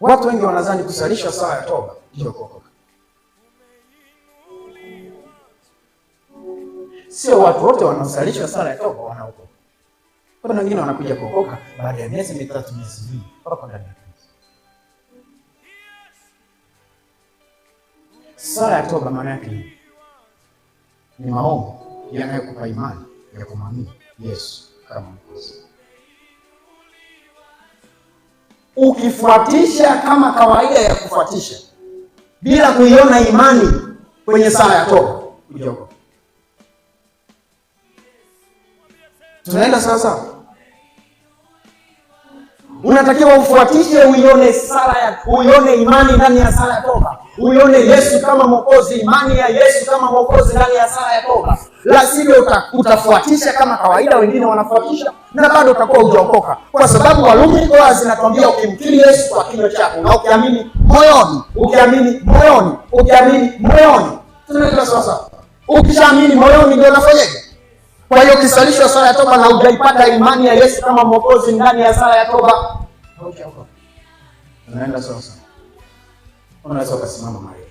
Watu wengi wanadhani kusalisha saa ya toba ndio kuokoka. Sio watu wote wanaosalisha sala ya toba wanaokoka. Kuna wengine wanakuja kuokoka baada ya miezi mitatu, miezi mingi, mpaka ndani ya kanisa. Sala ya toba maana yake ni maombi yanayokupa imani ya kumwamini Yesu kama Mwokozi. ukifuatisha kama kawaida ya kufuatisha bila kuiona imani kwenye sala ya toba ujogo. Tunaenda sawa sawa. Unatakiwa ufuatishe uione sala ya uione imani ndani ya sala ya toba uione Yesu kama Mwokozi, imani ya Yesu kama Mwokozi ndani ya sala ya toba, la sivyo uta, utafuatisha kama kawaida wengine wanafuatisha na bado utakuwa hujaokoka, kwa sababu Warumi kwa zinatuambia ukimkiri Yesu kwa kinywa chako na ukiamini moyoni, ukiamini moyoni, ukiamini moyoni, tunaelewa sasa. Ukishaamini moyoni ndio unafanyaje? Kwa hiyo ukisalishwa sala ya toba na ujaipata imani ya Yesu kama Mwokozi ndani ya sala ya toba, unaenda sasa unaweza ukasimama mahali